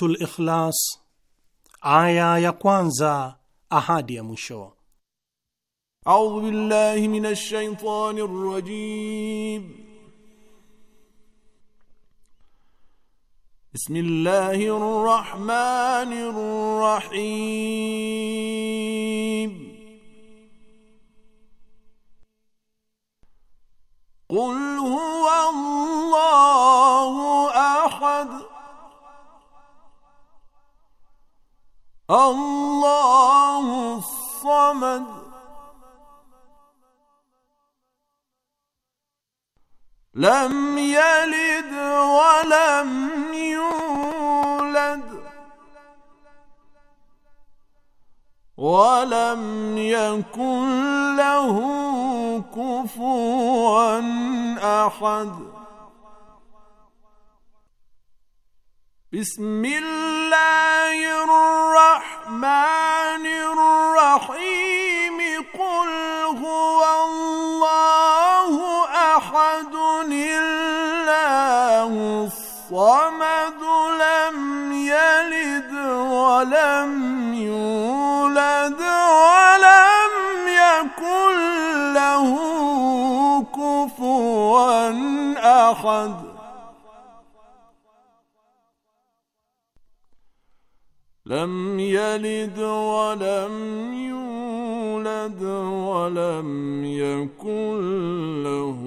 Suratul Ikhlas aya ya kwanza ahadi ya mwisho. A'udhu billahi minash shaitani rrajim. Bismillahir rahmanir rahim. Qul huwa Allah الله الصمد لم يلد ولم يولد ولم يكن له كفوا أحد بسم الله الرحمن الرحيم قل هو الله احد الله الصمد لم يلد ولم يولد ولم يكن له كفوا احد لم يلد ولم يولد ولم يكن له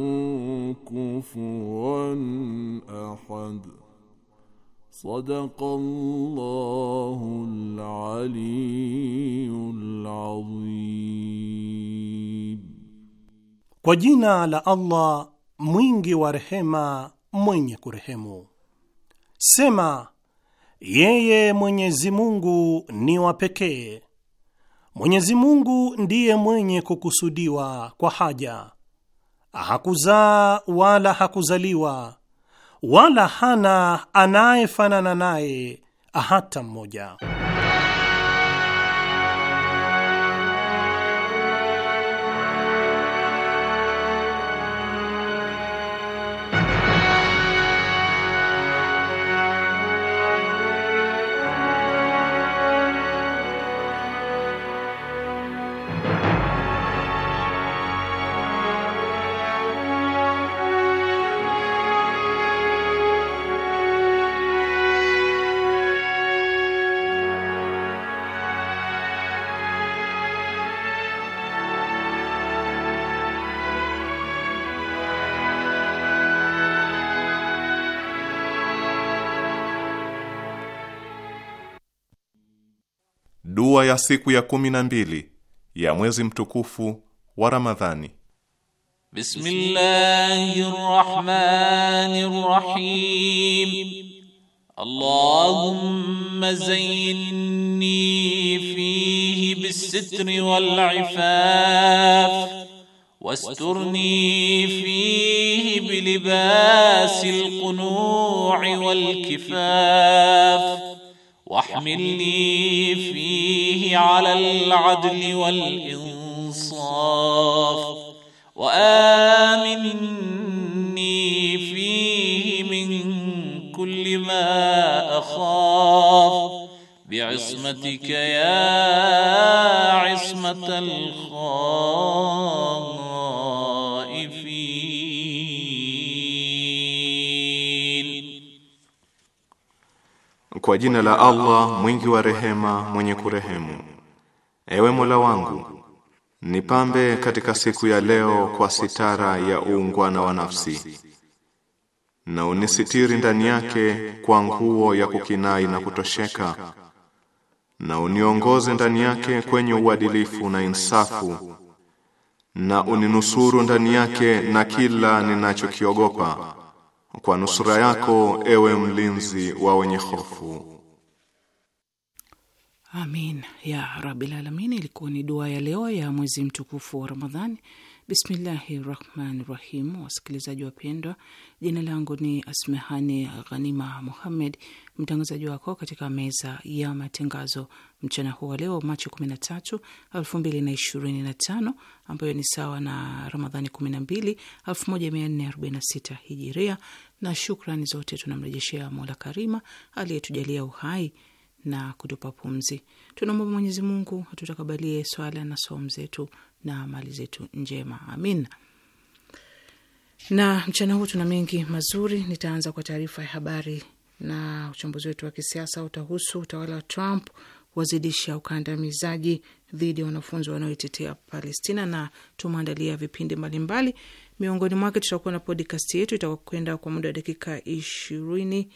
كفوا احد صدق الله العلي العظيم على الله مينجي ورحمه مين يكرهمه سما Yeye Mwenyezi Mungu ni wa pekee. Mwenyezi Mungu ndiye mwenye kukusudiwa kwa haja. Hakuzaa wala hakuzaliwa wala hana anayefanana naye hata mmoja. ya siku ya kumi na mbili ya mwezi mtukufu wa Ramadhani. Bismillahirrahmanirrahim. Allahumma zayyinni fihi bis-sitri wal-'ifaf واسترني فيه بلباس القنوع والكفاف واحملني فيه على العدل والإنصاف وآمني فيه من كل ما أخاف بعصمتك يا عصمة الخاف Kwa jina la Allah mwingi wa rehema, mwenye kurehemu. Ewe Mola wangu, nipambe katika siku ya leo kwa sitara ya uungwana wa nafsi, na unisitiri ndani yake kwa nguo ya kukinai na kutosheka, na uniongoze ndani yake kwenye uadilifu na insafu, na uninusuru ndani yake na kila ninachokiogopa kwa nusura yako ewe mlinzi wa wenye hofu. Amin ya rabbil alamin. Ilikuwa ni dua ya leo ya mwezi mtukufu wa Ramadhani Bismillahi rahmani rahim. Wasikilizaji wapendwa, jina langu ni Asmehani Ghanima Muhammed, mtangazaji wako katika meza ya matangazo mchana huu wa leo Machi 13, 2025 ambayo ni sawa na Ramadhani 12, 1446 hijiria, na shukrani zote tunamrejeshea Mola Karima aliyetujalia uhai na kutupa pumzi. Tunamwomba Mwenyezi Mungu atutakabalie swala na saumu zetu na amali zetu njema, amin. Na mchana huu tuna mengi mazuri. Nitaanza kwa taarifa ya habari na uchambuzi wetu wa kisiasa utahusu utawala wa Trump wazidisha ukandamizaji dhidi ya wanafunzi wanaoitetea Palestina, na tumeandalia vipindi mbalimbali. Miongoni mwake tutakuwa na podcast yetu itakwenda kwa muda wa dakika ishirini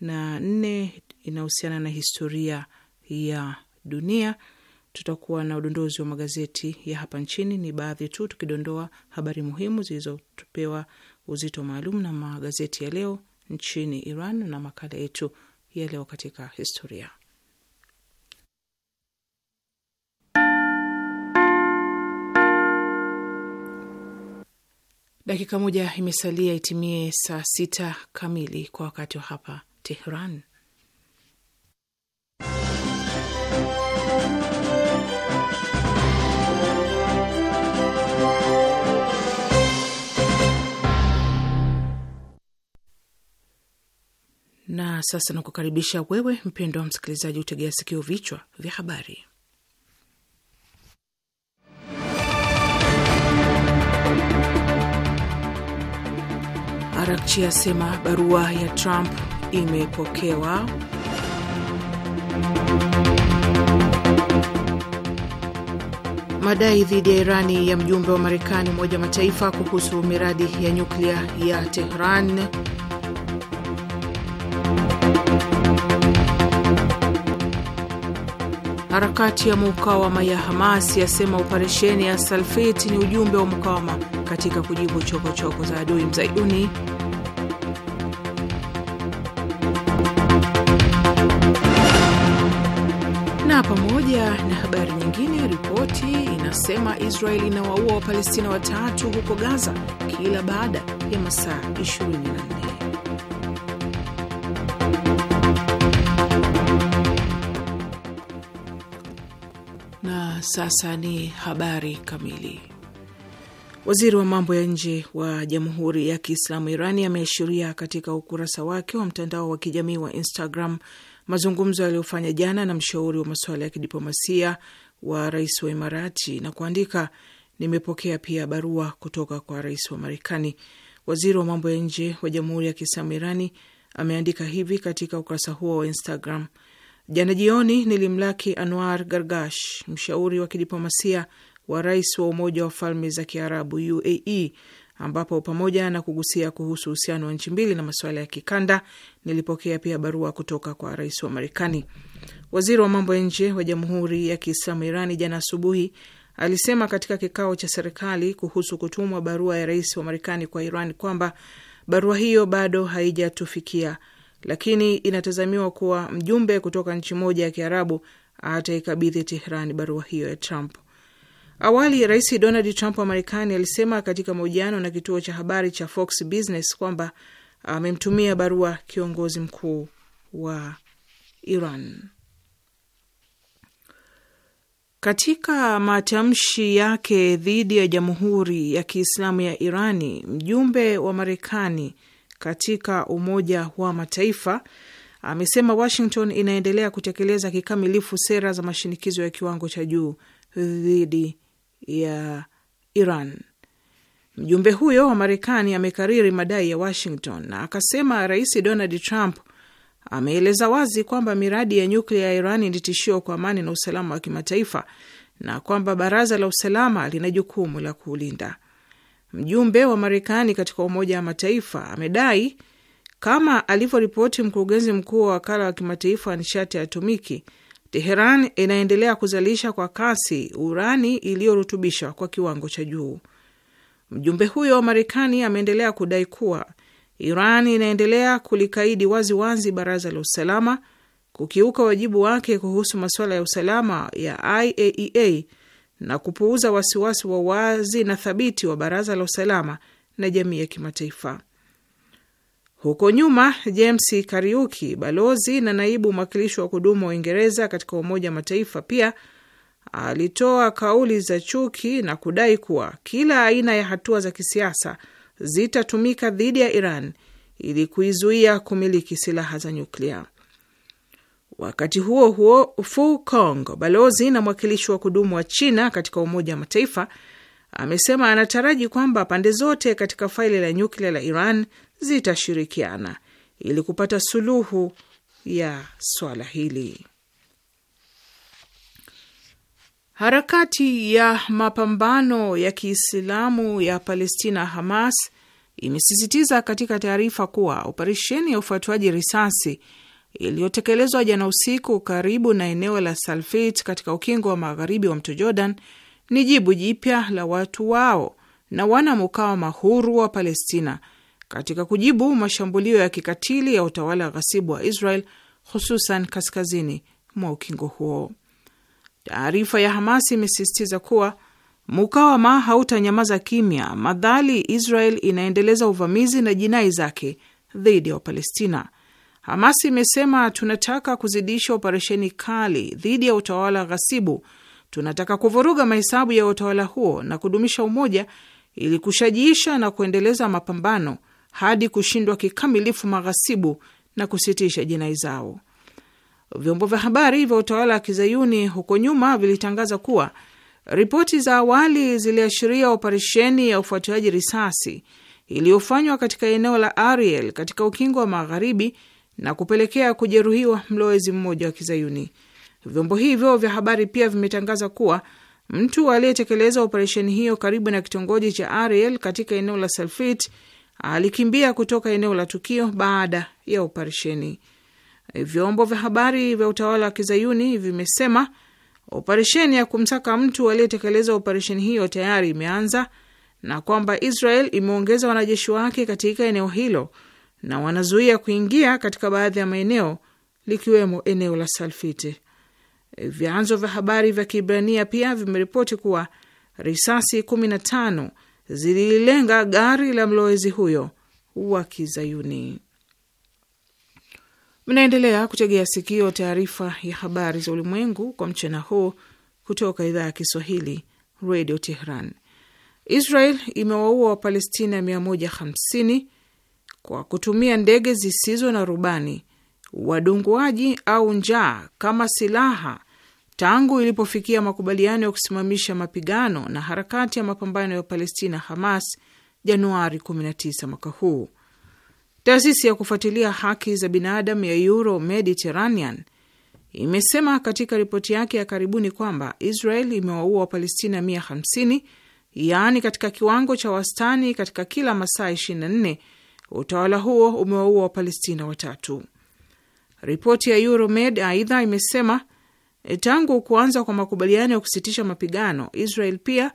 na nne inahusiana na historia ya dunia tutakuwa na udondozi wa magazeti ya hapa nchini, ni baadhi tu, tukidondoa habari muhimu zilizotupewa uzito maalum na magazeti ya leo nchini Iran na makala yetu ya leo katika historia. Dakika moja imesalia itimie saa sita kamili kwa wakati wa hapa Tehran. Na sasa nakukaribisha wewe mpendo wa msikilizaji, utegea sikio vichwa vya habari. Arakchi asema barua ya Trump imepokewa. Madai dhidi ya Irani ya mjumbe wa Marekani Umoja Mataifa kuhusu miradi ya nyuklia ya Tehran Harakati ya mukawama ya Hamas yasema operesheni ya Salfit ni ujumbe wa mukawama katika kujibu chokochoko choko za adui mzayuni. Na pamoja na habari nyingine, ripoti inasema Israeli inawaua Wapalestina watatu huko Gaza kila baada ya masaa 24. sasa ni habari kamili. Waziri wa mambo ya nje wa Jamhuri ya Kiislamu Irani ameashiria katika ukurasa wake wa mtandao wa kijamii wa Instagram mazungumzo yaliyofanya jana na mshauri wa masuala ya kidiplomasia wa rais wa Imarati na kuandika, nimepokea pia barua kutoka kwa rais wa Marekani. Waziri wa mambo ya nje wa Jamhuri ya Kiislamu Irani ameandika hivi katika ukurasa huo wa Instagram: Jana jioni nilimlaki Anwar Gargash, mshauri wa kidiplomasia wa rais wa Umoja wa Falme za Kiarabu UAE, ambapo pamoja na kugusia kuhusu uhusiano wa nchi mbili na masuala ya kikanda, nilipokea pia barua kutoka kwa rais wa Marekani. Waziri wa mambo ya nje wa Jamhuri ya Kiislamu Irani jana asubuhi alisema katika kikao cha serikali kuhusu kutumwa barua ya rais wa Marekani kwa Iran kwamba barua hiyo bado haijatufikia lakini inatazamiwa kuwa mjumbe kutoka nchi moja ya Kiarabu ataikabidhi Tehran barua hiyo ya Trump. Awali Rais Donald Trump wa Marekani alisema katika mahojiano na kituo cha habari cha Fox Business kwamba amemtumia barua kiongozi mkuu wa Iran. Katika matamshi yake dhidi ya Jamhuri ya Kiislamu ya Irani, mjumbe wa Marekani katika Umoja wa Mataifa amesema Washington inaendelea kutekeleza kikamilifu sera za mashinikizo ya kiwango cha juu dhidi ya Iran. Mjumbe huyo wa Marekani amekariri madai ya Washington na akasema Rais Donald Trump ameeleza wazi kwamba miradi ya nyuklia ya Iran ni tishio kwa amani na usalama wa kimataifa na kwamba Baraza la Usalama lina jukumu la kuulinda. Mjumbe wa Marekani katika Umoja wa Mataifa amedai kama alivyoripoti mkurugenzi mkuu wa wakala wa kimataifa wa nishati ya atomiki, Teheran inaendelea kuzalisha kwa kasi urani iliyorutubishwa kwa kiwango cha juu. Mjumbe huyo wa Marekani ameendelea kudai kuwa Iran inaendelea kulikaidi waziwazi wazi Baraza la Usalama, kukiuka wajibu wake kuhusu masuala ya usalama ya IAEA e na kupuuza wasiwasi wa wazi na thabiti wa Baraza la Usalama na jamii ya kimataifa. Huko nyuma, James Kariuki, balozi na naibu mwakilishi wa kudumu wa Uingereza katika Umoja wa Mataifa, pia alitoa kauli za chuki na kudai kuwa kila aina ya hatua za kisiasa zitatumika dhidi ya Iran ili kuizuia kumiliki silaha za nyuklia. Wakati huo huo, Fu Kong, balozi na mwakilishi wa kudumu wa China katika Umoja wa Mataifa, amesema anataraji kwamba pande zote katika faili la nyuklia la Iran zitashirikiana ili kupata suluhu ya swala hili. Harakati ya mapambano ya Kiislamu ya Palestina, Hamas, imesisitiza katika taarifa kuwa operesheni ya ufuatuaji risasi iliyotekelezwa jana usiku karibu na eneo la Salfit katika ukingo wa magharibi wa mto Jordan ni jibu jipya la watu wao na wana mukawa mahuru wa Palestina katika kujibu mashambulio ya kikatili ya utawala ghasibu wa Israel hususan kaskazini mwa ukingo huo. Taarifa ya Hamas imesisitiza kuwa mukawama hautanyamaza kimya madhali Israel inaendeleza uvamizi na jinai zake dhidi ya Wapalestina. Hamas imesema tunataka kuzidisha operesheni kali dhidi ya utawala ghasibu, tunataka kuvuruga mahesabu ya utawala huo na kudumisha umoja ili kushajiisha na kuendeleza mapambano hadi kushindwa kikamilifu maghasibu na kusitisha jinai zao. Vyombo vya habari vya utawala wa kizayuni huko nyuma vilitangaza kuwa ripoti za awali ziliashiria operesheni ya ufuatiaji risasi iliyofanywa katika eneo la Ariel katika ukingo wa magharibi na kupelekea kujeruhiwa mlowezi mmoja wa Kizayuni. Vyombo hivyo vya habari pia vimetangaza kuwa mtu aliyetekeleza operesheni hiyo karibu na kitongoji cha Ariel katika eneo la Salfit alikimbia kutoka eneo la tukio baada ya operesheni. Vyombo vya habari vya utawala wa Kizayuni vimesema operesheni ya kumsaka mtu aliyetekeleza operesheni hiyo tayari imeanza na kwamba Israel imeongeza wanajeshi wake katika eneo hilo na wanazuia kuingia katika baadhi ya maeneo likiwemo eneo la salfite Vyanzo vya habari vya Kiibrania pia vimeripoti kuwa risasi 15 zililenga gari la mlowezi huyo wa Kizayuni. Mnaendelea kutegea sikio taarifa ya habari za ulimwengu kwa mchana huu kutoka idhaa ya Kiswahili, Radio Tehran. Israel imewaua Wapalestina 150 kwa kutumia ndege zisizo na rubani, wadunguaji au njaa kama silaha tangu ilipofikia makubaliano ya kusimamisha mapigano na harakati ya mapambano ya Palestina Hamas Januari 19 mwaka huu. Taasisi ya kufuatilia haki za binadamu ya Euro Mediterranean imesema katika ripoti yake ya karibuni kwamba Israel imewaua Wapalestina 150 yaani katika kiwango cha wastani katika kila masaa 24 utawala huo umewaua Wapalestina watatu. Ripoti ya Euromed aidha imesema eh, tangu kuanza kwa makubaliano ya kusitisha mapigano, Israel pia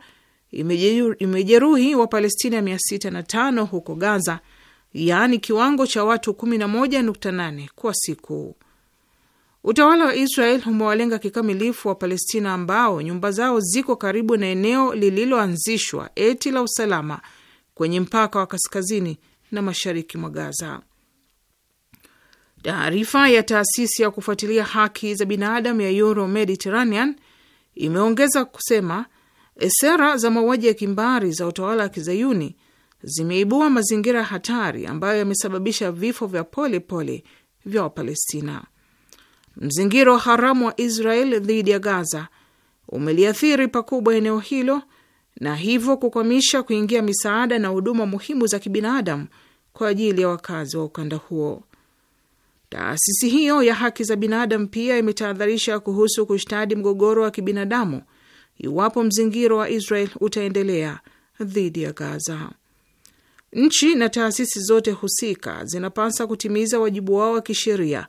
imejeruhi Wapalestina 605 huko Gaza, yaani kiwango cha watu 11.8 kwa siku. Utawala wa Israel umewalenga kikamilifu wa Palestina ambao nyumba zao ziko karibu na eneo lililoanzishwa eti la usalama kwenye mpaka wa kaskazini na mashariki mwa Gaza. Taarifa ya taasisi ya kufuatilia haki za binadamu ya Euro Mediterranean imeongeza kusema eh, sera za mauaji ya kimbari za utawala wa kizayuni zimeibua mazingira hatari ambayo yamesababisha vifo vya pole pole vya Wapalestina. Mzingiro haramu wa Israel dhidi ya Gaza umeliathiri pakubwa eneo hilo na hivyo kukwamisha kuingia misaada na huduma muhimu za kibinadamu kwa ajili ya wakazi wa ukanda huo. Taasisi hiyo ya haki za binadamu pia imetahadharisha kuhusu kushtadi mgogoro wa kibinadamu iwapo mzingiro wa Israel utaendelea dhidi ya Gaza. Nchi na taasisi zote husika zinapasa kutimiza wajibu wao wa kisheria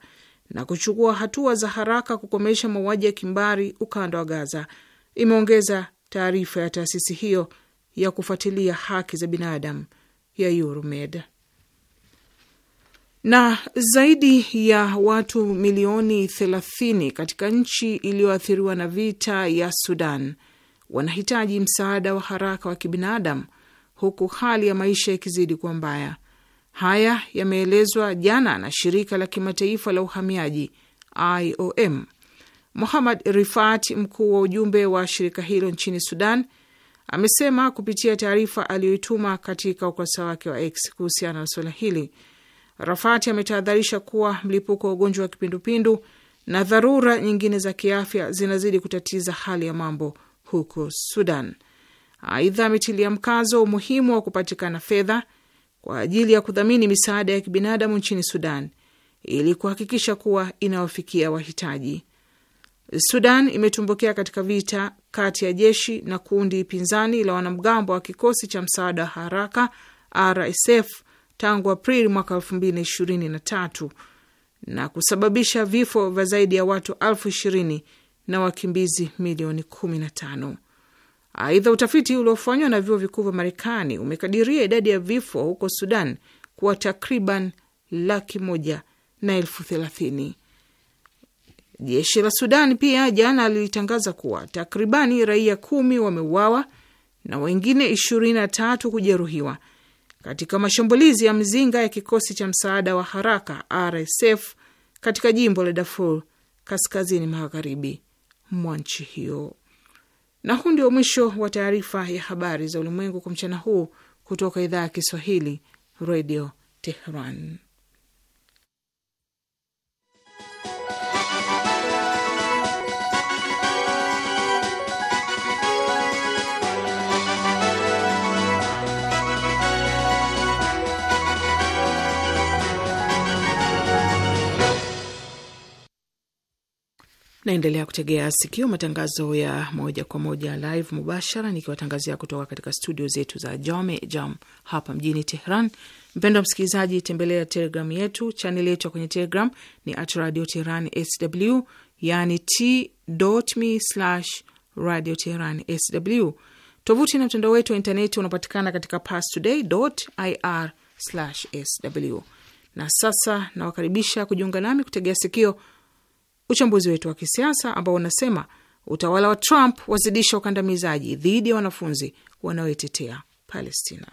na kuchukua hatua za haraka kukomesha mauaji ya kimbari ukanda wa Gaza, imeongeza taarifa ya taasisi hiyo ya kufuatilia haki za binadamu ya Euromed. Na zaidi ya watu milioni 30 katika nchi iliyoathiriwa na vita ya Sudan wanahitaji msaada wa haraka wa kibinadamu huku hali ya maisha ikizidi kuwa mbaya. Haya yameelezwa jana na shirika la kimataifa la uhamiaji IOM Muhamad Rifat, mkuu wa ujumbe wa shirika hilo nchini Sudan, amesema kupitia taarifa aliyoituma katika ukurasa wake wa X kuhusiana na suala hili. Rafati ametahadharisha kuwa mlipuko wa ugonjwa wa kipindupindu na dharura nyingine za kiafya zinazidi kutatiza hali ya mambo huko Sudan. Aidha, ametilia mkazo umuhimu wa kupatikana fedha kwa ajili ya kudhamini misaada ya kibinadamu nchini Sudan ili kuhakikisha kuwa inawafikia wahitaji. Sudan imetumbukia katika vita kati ya jeshi na kundi pinzani la wanamgambo wa kikosi cha msaada wa haraka RSF tangu Aprili mwaka 2023 na kusababisha vifo vya zaidi ya watu elfu ishirini na wakimbizi milioni 15. Aidha, utafiti uliofanywa na vyuo vikuu vya Marekani umekadiria idadi ya vifo huko Sudan kuwa takriban laki moja na elfu thelathini. Jeshi la Sudan pia jana lilitangaza kuwa takribani raia kumi wameuawa na wengine 23 kujeruhiwa katika mashambulizi ya mzinga ya kikosi cha msaada wa haraka RSF katika jimbo la Darfur kaskazini magharibi mwa nchi hiyo. Na huu ndio mwisho wa taarifa ya habari za ulimwengu kwa mchana huu kutoka idhaa ya Kiswahili, Radio Tehran. Naendelea kutegea sikio matangazo ya moja kwa moja live mubashara, nikiwatangazia kutoka katika studio zetu za Jome Jam hapa mjini Tehran. Mpendwa msikilizaji, tembelea telegramu yetu, chaneli yetu ya kwenye Telegram ni at radio tehran sw, yani t.me slash radio tehran sw. Tovuti na mtandao wetu wa intaneti unapatikana katika pastoday ir sw. Na sasa nawakaribisha kujiunga nami kutegea sikio uchambuzi wetu wa kisiasa ambao unasema utawala wa Trump wazidisha ukandamizaji dhidi ya wanafunzi wanaoitetea Palestina.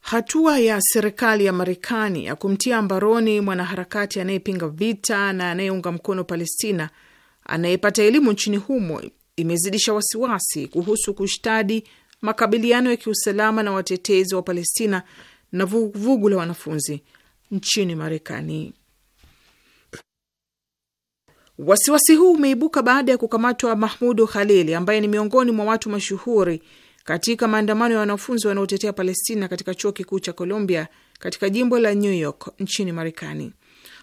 Hatua ya serikali ya Marekani ya kumtia mbaroni mwanaharakati anayepinga vita na anayeunga mkono Palestina anayepata elimu nchini humo imezidisha wasiwasi kuhusu kushtadi makabiliano ya kiusalama na watetezi wa Palestina na vuguvugu la wanafunzi nchini Marekani. Wasiwasi huu umeibuka baada ya kukamatwa Mahmudu Khalili ambaye ni miongoni mwa watu mashuhuri katika maandamano ya wanafunzi wanaotetea Palestina katika chuo kikuu cha Columbia katika jimbo la New York nchini Marekani.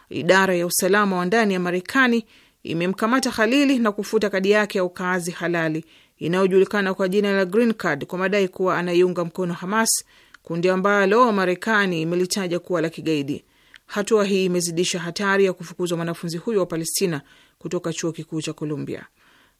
Idara ya usalama wa ndani ya Marekani imemkamata Khalili na kufuta kadi yake ya ukaazi halali inayojulikana kwa jina la Green Card kwa madai kuwa anaiunga mkono Hamas, kundi ambalo Marekani imelitaja kuwa la kigaidi. Hatua hii imezidisha hatari ya kufukuzwa mwanafunzi huyo wa Palestina kutoka chuo kikuu cha Columbia.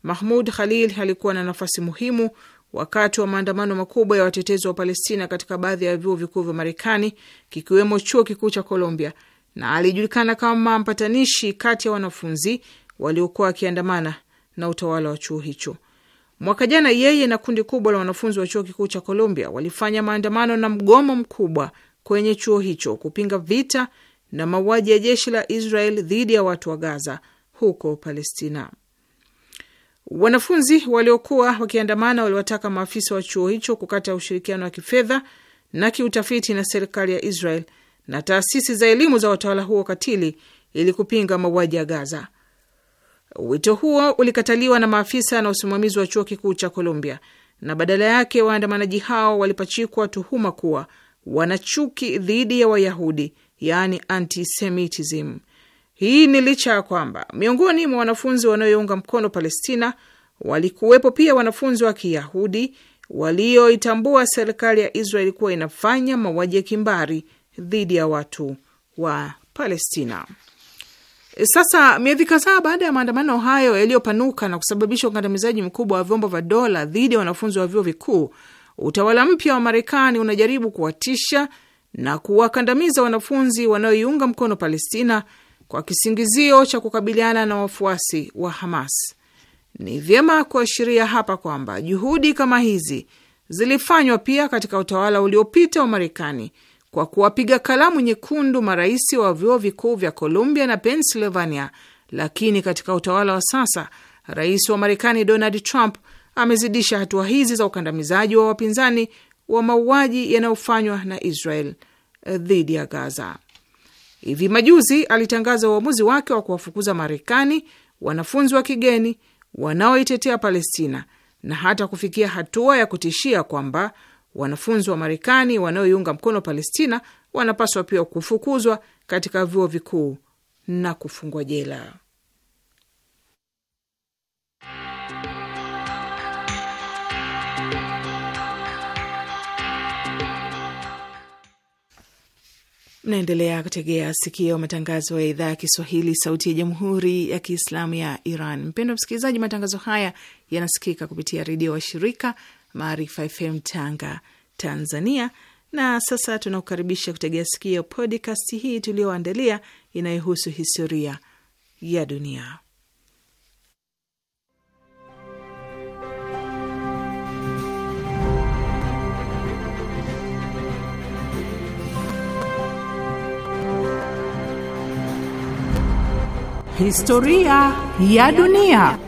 Mahmud Khalil alikuwa na nafasi muhimu wakati wa maandamano makubwa ya watetezi wa Palestina katika baadhi ya vyuo vikuu vya Marekani, kikiwemo chuo kikuu cha Columbia, na alijulikana kama mpatanishi kati ya wanafunzi waliokuwa wakiandamana na utawala wa chuo hicho. Mwaka jana, yeye na kundi kubwa la wanafunzi wa chuo kikuu cha Colombia walifanya maandamano na mgomo mkubwa kwenye chuo hicho kupinga vita na mauaji ya jeshi la Israel dhidi ya watu wa Gaza huko Palestina. Wanafunzi waliokuwa wakiandamana waliwataka maafisa wa chuo hicho kukata ushirikiano wa kifedha na kiutafiti na serikali ya Israel na taasisi za elimu za utawala huo katili ili kupinga mauaji ya Gaza. Wito huo ulikataliwa na maafisa na usimamizi wa chuo kikuu cha Columbia, na badala yake waandamanaji hao walipachikwa tuhuma kuwa wana chuki dhidi ya Wayahudi, yaani antisemitism. Hii ni licha ya kwamba miongoni mwa wanafunzi wanaoiunga mkono Palestina walikuwepo pia wanafunzi wa Kiyahudi walioitambua serikali ya Israeli kuwa inafanya mauaji ya kimbari dhidi ya watu wa Palestina. Sasa miezi kadhaa baada ya maandamano hayo yaliyopanuka na kusababisha ukandamizaji mkubwa wa vyombo vya dola dhidi ya wanafunzi wa vyuo vikuu, utawala mpya wa Marekani unajaribu kuwatisha na kuwakandamiza wanafunzi wanaoiunga mkono Palestina kwa kisingizio cha kukabiliana na wafuasi wa Hamas. Ni vyema kuashiria hapa kwamba juhudi kama hizi zilifanywa pia katika utawala uliopita wa Marekani kwa kuwapiga kalamu nyekundu marais wa vyuo vikuu vya Columbia na Pennsylvania, lakini katika utawala wa sasa rais wa Marekani Donald Trump amezidisha hatua hizi za ukandamizaji wa wapinzani wa mauaji yanayofanywa na Israel dhidi ya Gaza. Hivi majuzi alitangaza uamuzi wake wa kuwafukuza Marekani wanafunzi wa kigeni wanaoitetea Palestina na hata kufikia hatua ya kutishia kwamba Wanafunzi wa Marekani wanaoiunga mkono Palestina wanapaswa pia kufukuzwa katika vyuo vikuu na kufungwa jela. Mnaendelea kutegea sikio matangazo ya idhaa ya Kiswahili, sauti ya jamhuri ya kiislamu ya Iran. Mpendwa msikilizaji, matangazo haya yanasikika kupitia redio washirika Maarifa FM Tanga, Tanzania. Na sasa tunakukaribisha kutegea sikio podcast hii tuliyoandalia inayohusu historia ya dunia. Historia ya dunia.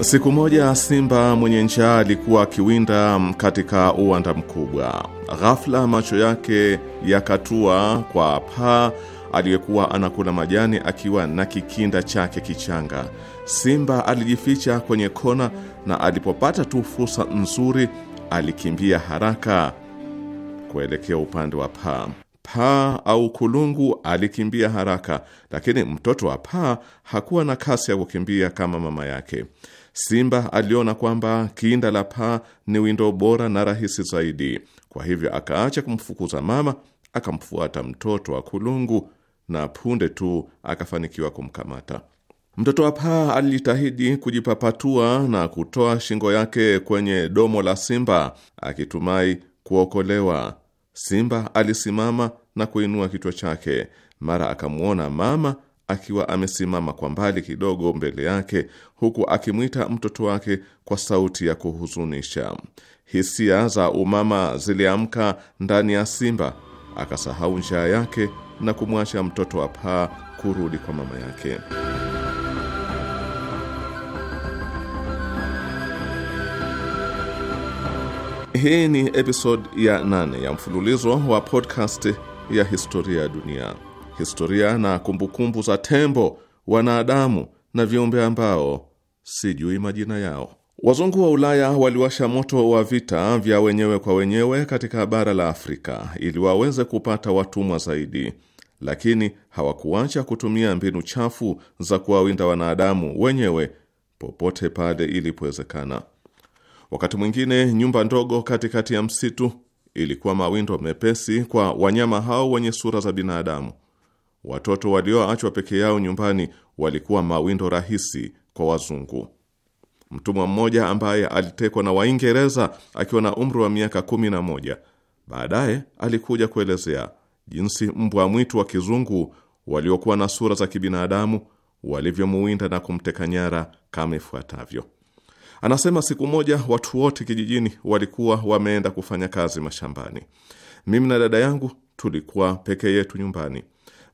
Siku moja simba mwenye njaa alikuwa akiwinda katika uwanda mkubwa. Ghafla macho yake yakatua kwa paa aliyekuwa anakula majani akiwa na kikinda chake kichanga. Simba alijificha kwenye kona, na alipopata tu fursa nzuri alikimbia haraka kuelekea upande wa paa. Paa au kulungu alikimbia haraka, lakini mtoto wa paa hakuwa na kasi ya kukimbia kama mama yake. Simba aliona kwamba kinda la paa ni windo bora na rahisi zaidi, kwa hivyo akaacha kumfukuza mama, akamfuata mtoto wa kulungu, na punde tu akafanikiwa kumkamata. Mtoto wa paa alijitahidi kujipapatua na kutoa shingo yake kwenye domo la simba akitumai kuokolewa. Simba alisimama na kuinua kichwa chake, mara akamwona mama akiwa amesimama kwa mbali kidogo mbele yake, huku akimwita mtoto wake kwa sauti ya kuhuzunisha. Hisia za umama ziliamka ndani ya Simba, akasahau njaa yake na kumwacha mtoto wa paa kurudi kwa mama yake. Hii ni episode ya nane ya mfululizo wa podcast ya historia ya dunia historia na kumbukumbu za tembo, wanadamu na viumbe ambao sijui majina yao. Wazungu wa Ulaya waliwasha moto wa vita vya wenyewe kwa wenyewe katika bara la Afrika ili waweze kupata watumwa zaidi, lakini hawakuacha kutumia mbinu chafu za kuwawinda wanadamu wenyewe popote pale ilipowezekana. Wakati mwingine nyumba ndogo katikati ya msitu ilikuwa mawindo mepesi kwa wanyama hao wenye sura za binadamu. Watoto walioachwa peke yao nyumbani walikuwa mawindo rahisi kwa wazungu. Mtumwa mmoja ambaye alitekwa na Waingereza akiwa na umri wa miaka kumi na moja baadaye alikuja kuelezea jinsi mbwa mwitu wa kizungu waliokuwa na sura za kibinadamu walivyomuwinda na kumteka nyara kama ifuatavyo. Anasema siku moja watu wote kijijini walikuwa wameenda kufanya kazi mashambani. Mimi na dada yangu tulikuwa peke yetu nyumbani.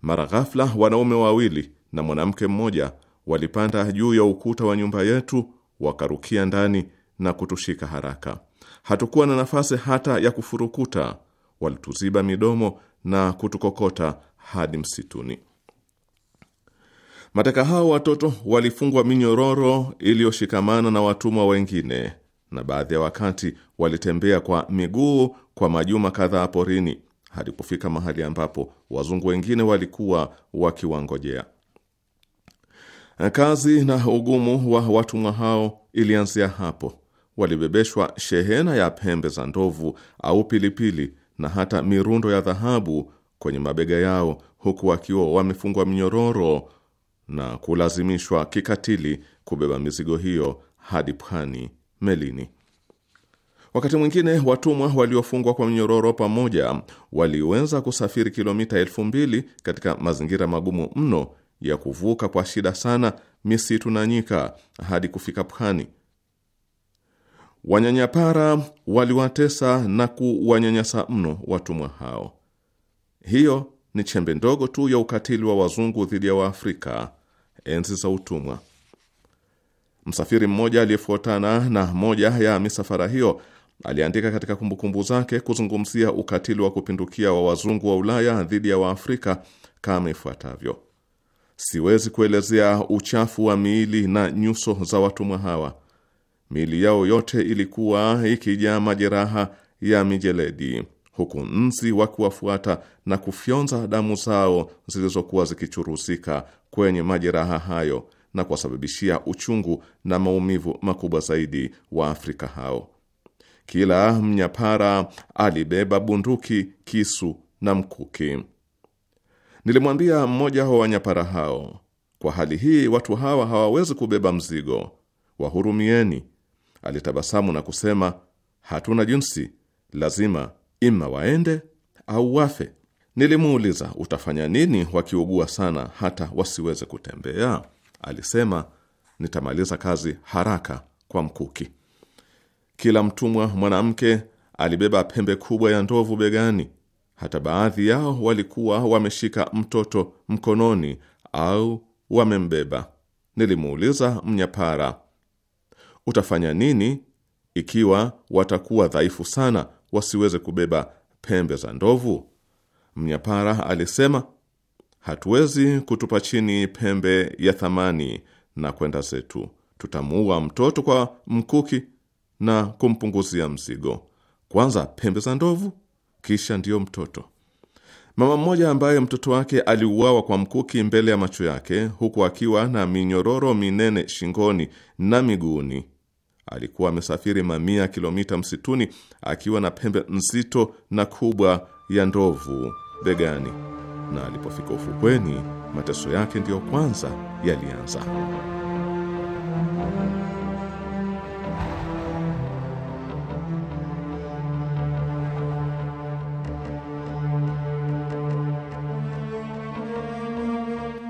Mara ghafla wanaume wawili na mwanamke mmoja walipanda juu ya ukuta wa nyumba yetu, wakarukia ndani na kutushika haraka. Hatukuwa na nafasi hata ya kufurukuta. Walituziba midomo na kutukokota hadi msituni. Mateka hao watoto walifungwa minyororo iliyoshikamana na watumwa wengine, na baadhi ya wakati walitembea kwa miguu kwa majuma kadhaa porini hadi kufika mahali ambapo wazungu wengine walikuwa wakiwangojea. Kazi na ugumu wa watumwa hao ilianzia hapo. Walibebeshwa shehena ya pembe za ndovu au pilipili na hata mirundo ya dhahabu kwenye mabega yao, huku wakiwa wamefungwa mnyororo na kulazimishwa kikatili kubeba mizigo hiyo hadi pwani melini. Wakati mwingine watumwa waliofungwa kwa mnyororo pamoja waliweza kusafiri kilomita elfu mbili katika mazingira magumu mno ya kuvuka kwa shida sana misitu na nyika hadi kufika pwani. Wanyanyapara waliwatesa na kuwanyanyasa mno watumwa hao. Hiyo ni chembe ndogo tu ya ukatili wa wazungu dhidi ya Waafrika enzi za utumwa. Msafiri mmoja aliyefuatana na moja ya misafara hiyo Aliandika katika kumbukumbu zake kuzungumzia ukatili wa kupindukia wa wazungu wa Ulaya dhidi ya Waafrika kama ifuatavyo: siwezi kuelezea uchafu wa miili na nyuso za watumwa hawa. Miili yao yote ilikuwa ikijaa majeraha ya mijeledi, huku nzi wakiwafuata na kufyonza damu zao zilizokuwa zikichuruzika kwenye majeraha hayo na kuwasababishia uchungu na maumivu makubwa zaidi Waafrika hao. Kila mnyapara alibeba bunduki, kisu na mkuki. Nilimwambia mmoja wa wanyapara hao, kwa hali hii watu hawa hawawezi kubeba mzigo, wahurumieni. Alitabasamu na kusema, hatuna jinsi, lazima ima waende au wafe. Nilimuuliza, utafanya nini wakiugua sana hata wasiweze kutembea? Alisema, nitamaliza kazi haraka kwa mkuki. Kila mtumwa mwanamke alibeba pembe kubwa ya ndovu begani. Hata baadhi yao walikuwa wameshika mtoto mkononi au wamembeba. Nilimuuliza mnyapara, utafanya nini ikiwa watakuwa dhaifu sana wasiweze kubeba pembe za ndovu? Mnyapara alisema, hatuwezi kutupa chini pembe ya thamani na kwenda zetu. Tutamuua mtoto kwa mkuki na kumpunguzia mzigo, kwanza pembe za ndovu, kisha ndiyo mtoto. Mama mmoja ambaye mtoto wake aliuawa kwa mkuki mbele ya macho yake, huku akiwa na minyororo minene shingoni na miguuni, alikuwa amesafiri mamia kilomita msituni akiwa na pembe nzito na kubwa ya ndovu begani, na alipofika ufukweni, mateso yake ndiyo kwanza yalianza.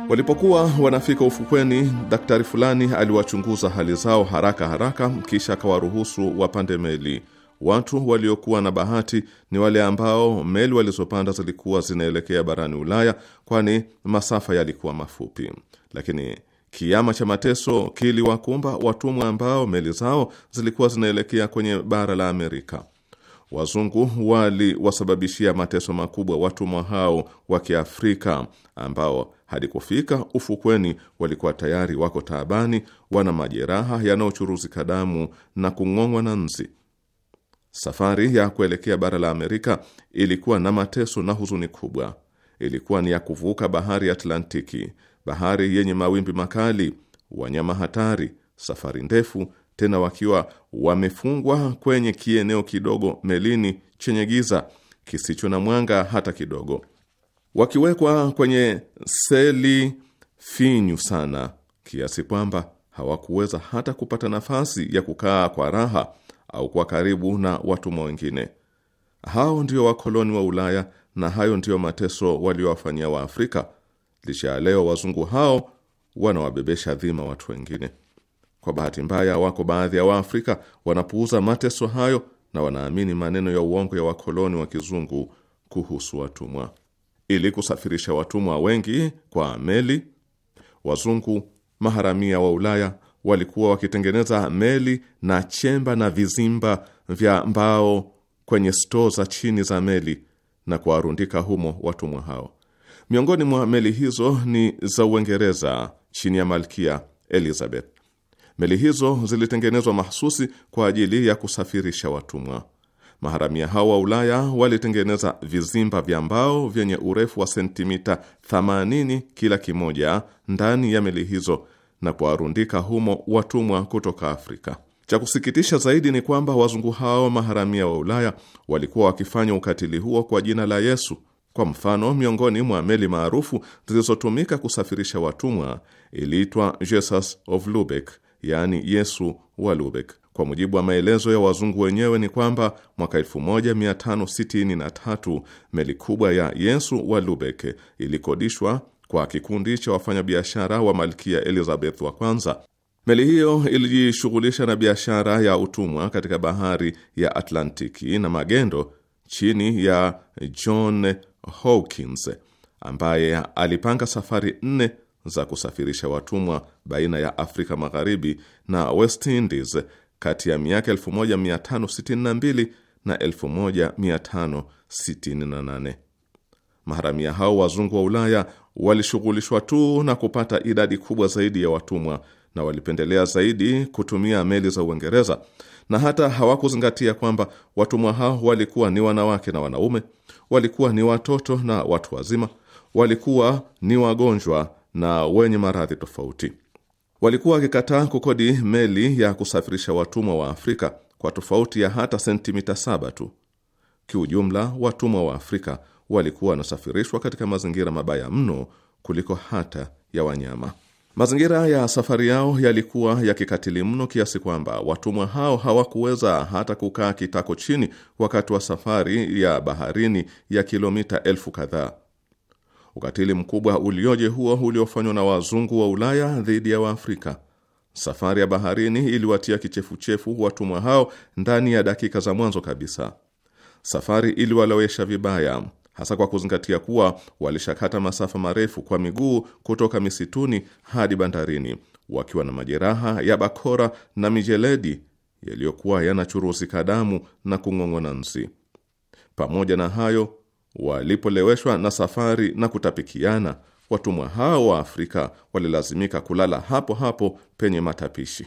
Walipokuwa wanafika ufukweni, daktari fulani aliwachunguza hali zao haraka haraka, kisha akawaruhusu wapande meli. Watu waliokuwa na bahati ni wale ambao meli walizopanda zilikuwa zinaelekea barani Ulaya, kwani masafa yalikuwa mafupi. Lakini kiama cha mateso kiliwakumba watumwa ambao meli zao zilikuwa zinaelekea kwenye bara la Amerika. Wazungu waliwasababishia mateso makubwa watumwa hao wa Kiafrika ambao hadi kufika ufukweni walikuwa tayari wako taabani, wana majeraha yanayochuruzika damu na kung'ongwa na nzi. Safari ya kuelekea bara la Amerika ilikuwa na mateso na huzuni kubwa. Ilikuwa ni ya kuvuka bahari ya Atlantiki, bahari yenye mawimbi makali, wanyama hatari, safari ndefu, tena wakiwa wamefungwa kwenye kieneo kidogo melini chenye giza kisicho na mwanga hata kidogo wakiwekwa kwenye seli finyu sana kiasi kwamba hawakuweza hata kupata nafasi ya kukaa kwa raha au kwa karibu na watumwa wengine. Hao ndio wakoloni wa Ulaya na hayo ndiyo mateso waliowafanyia Waafrika. Licha ya leo wazungu hao wanawabebesha dhima watu wengine. Kwa bahati mbaya, wako baadhi ya Waafrika wanapuuza mateso hayo na wanaamini maneno ya uongo ya wakoloni wa kizungu kuhusu watumwa ili kusafirisha watumwa wengi kwa meli. Wazungu maharamia wa Ulaya walikuwa wakitengeneza meli na chemba na vizimba vya mbao kwenye stoo za chini za meli na kuwarundika humo watumwa hao. Miongoni mwa meli hizo ni za Uingereza chini ya Malkia Elizabeth. Meli hizo zilitengenezwa mahsusi kwa ajili ya kusafirisha watumwa. Maharamia hao wa Ulaya walitengeneza vizimba vya mbao vyenye urefu wa sentimita 80 kila kimoja ndani ya meli hizo na kuwarundika humo watumwa kutoka Afrika. Cha kusikitisha zaidi ni kwamba wazungu hao maharamia wa Ulaya walikuwa wakifanya ukatili huo kwa jina la Yesu. Kwa mfano, miongoni mwa meli maarufu zilizotumika kusafirisha watumwa iliitwa Jesus of Lubeck, yaani Yesu wa Lubeck. Kwa mujibu wa maelezo ya wazungu wenyewe ni kwamba mwaka 1563 meli kubwa ya Yesu wa Lubek ilikodishwa kwa kikundi cha wafanyabiashara wa Malkia Elizabeth wa kwanza. Meli hiyo ilijishughulisha na biashara ya utumwa katika bahari ya Atlantiki na magendo chini ya John Hawkins ambaye alipanga safari nne za kusafirisha watumwa baina ya Afrika Magharibi na West Indies kati ya miaka 1562 na 1568. Maharamia hao wazungu wa Ulaya walishughulishwa tu na kupata idadi kubwa zaidi ya watumwa na walipendelea zaidi kutumia meli za Uingereza na hata hawakuzingatia kwamba watumwa hao walikuwa ni wanawake na wanaume, walikuwa ni watoto na watu wazima, walikuwa ni wagonjwa na wenye maradhi tofauti walikuwa wakikataa kukodi meli ya kusafirisha watumwa wa Afrika kwa tofauti ya hata sentimita saba tu. Kiujumla, watumwa wa Afrika walikuwa wanasafirishwa katika mazingira mabaya mno kuliko hata ya wanyama. Mazingira ya safari yao yalikuwa yakikatili mno kiasi kwamba watumwa hao hawakuweza hata kukaa kitako chini wakati wa safari ya baharini ya kilomita elfu kadhaa ukatili mkubwa ulioje huo uliofanywa na wazungu wa Ulaya dhidi ya Waafrika. Safari ya baharini iliwatia kichefuchefu watumwa hao ndani ya dakika za mwanzo kabisa. Safari iliwalowesha vibaya, hasa kwa kuzingatia kuwa walishakata masafa marefu kwa miguu kutoka misituni hadi bandarini, wakiwa na majeraha ya bakora na mijeledi yaliyokuwa yanachuruzika damu na kung'ong'ona nzi. Pamoja na hayo Walipoleweshwa na safari na kutapikiana, watumwa hao wa Afrika walilazimika kulala hapo hapo penye matapishi.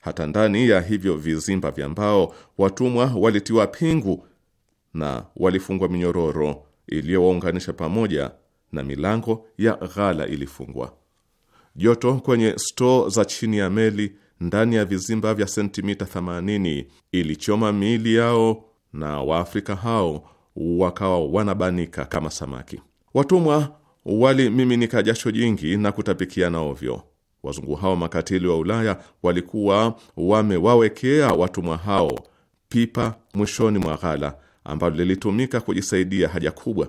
Hata ndani ya hivyo vizimba vya mbao, watumwa walitiwa pingu na walifungwa minyororo iliyowaunganisha pamoja, na milango ya ghala ilifungwa. Joto kwenye stoo za chini ya meli ndani ya vizimba vya sentimita 80 ilichoma miili yao, na Waafrika hao wakawa wanabanika kama samaki. Watumwa walimiminika jasho jingi na kutapikiana ovyo. Wazungu hao makatili wa Ulaya walikuwa wamewawekea watumwa hao pipa mwishoni mwa ghala ambalo lilitumika kujisaidia haja kubwa.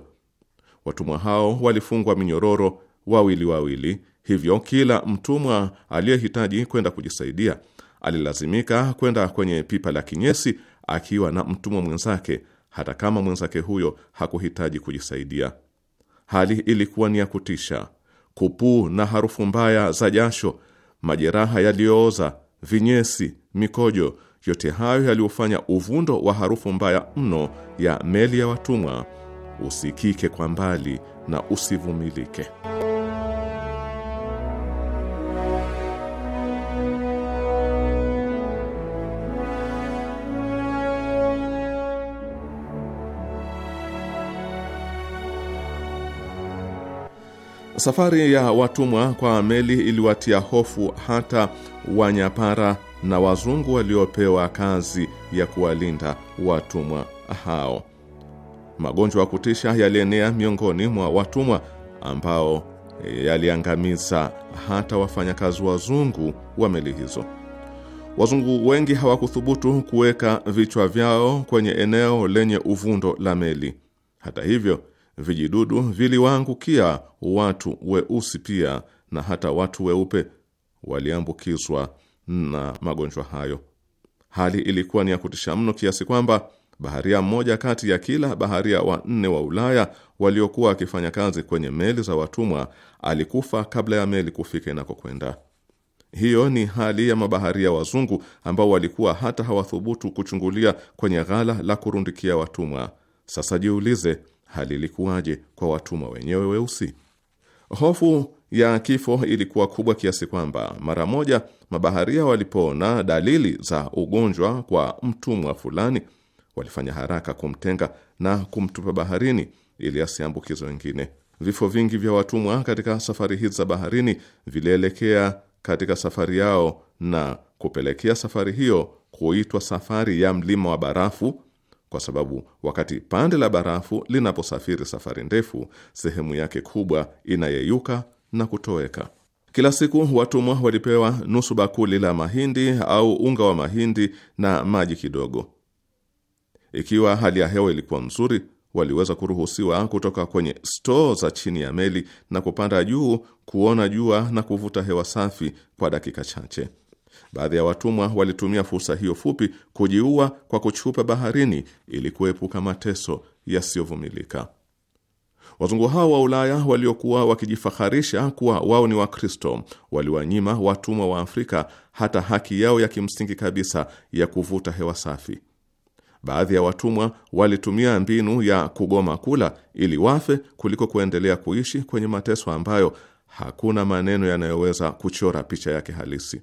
Watumwa hao walifungwa minyororo wawili wawili, hivyo kila mtumwa aliyehitaji kwenda kujisaidia alilazimika kwenda kwenye pipa la kinyesi akiwa na mtumwa mwenzake hata kama mwenzake huyo hakuhitaji kujisaidia. Hali ilikuwa ni ya kutisha, kupuu na harufu mbaya za jasho, majeraha yaliyooza, vinyesi, mikojo, yote hayo yaliofanya uvundo wa harufu mbaya mno ya meli ya watumwa usikike kwa mbali na usivumilike. Safari ya watumwa kwa meli iliwatia hofu hata wanyapara na wazungu waliopewa kazi ya kuwalinda watumwa hao. Magonjwa ya kutisha yalienea miongoni mwa watumwa ambao yaliangamiza hata wafanyakazi wazungu wa meli hizo. Wazungu wengi hawakuthubutu kuweka vichwa vyao kwenye eneo lenye uvundo la meli. Hata hivyo Vijidudu viliwaangukia watu weusi pia, na hata watu weupe waliambukizwa na magonjwa hayo. Hali ilikuwa ni ya kutisha mno kiasi kwamba baharia mmoja kati ya kila baharia wanne wa Ulaya waliokuwa wakifanya kazi kwenye meli za watumwa alikufa kabla ya meli kufika inakokwenda. Hiyo ni hali ya mabaharia wazungu ambao walikuwa hata hawathubutu kuchungulia kwenye ghala la kurundikia watumwa. Sasa jiulize, hali ilikuwaje kwa watumwa wenyewe weusi? Hofu ya kifo ilikuwa kubwa kiasi kwamba mara moja mabaharia walipoona dalili za ugonjwa kwa mtumwa fulani, walifanya haraka kumtenga na kumtupa baharini ili asiambukizo wengine. Vifo vingi vya watumwa katika safari hizi za baharini vilielekea katika safari yao na kupelekea safari hiyo kuitwa safari ya mlima wa barafu kwa sababu wakati pande la barafu linaposafiri safari ndefu, sehemu yake kubwa inayeyuka na kutoweka. Kila siku watumwa walipewa nusu bakuli la mahindi au unga wa mahindi na maji kidogo. Ikiwa hali ya hewa ilikuwa nzuri, waliweza kuruhusiwa kutoka kwenye stoo za chini ya meli na kupanda juu kuona jua na kuvuta hewa safi kwa dakika chache. Baadhi ya watumwa walitumia fursa hiyo fupi kujiua kwa kuchupa baharini ili kuepuka mateso yasiyovumilika. Wazungu hao wa Ulaya waliokuwa wakijifaharisha kuwa wao ni Wakristo waliwanyima watumwa wa Afrika hata haki yao ya kimsingi kabisa ya kuvuta hewa safi. Baadhi ya watumwa walitumia mbinu ya kugoma kula ili wafe kuliko kuendelea kuishi kwenye mateso ambayo hakuna maneno yanayoweza kuchora picha yake halisi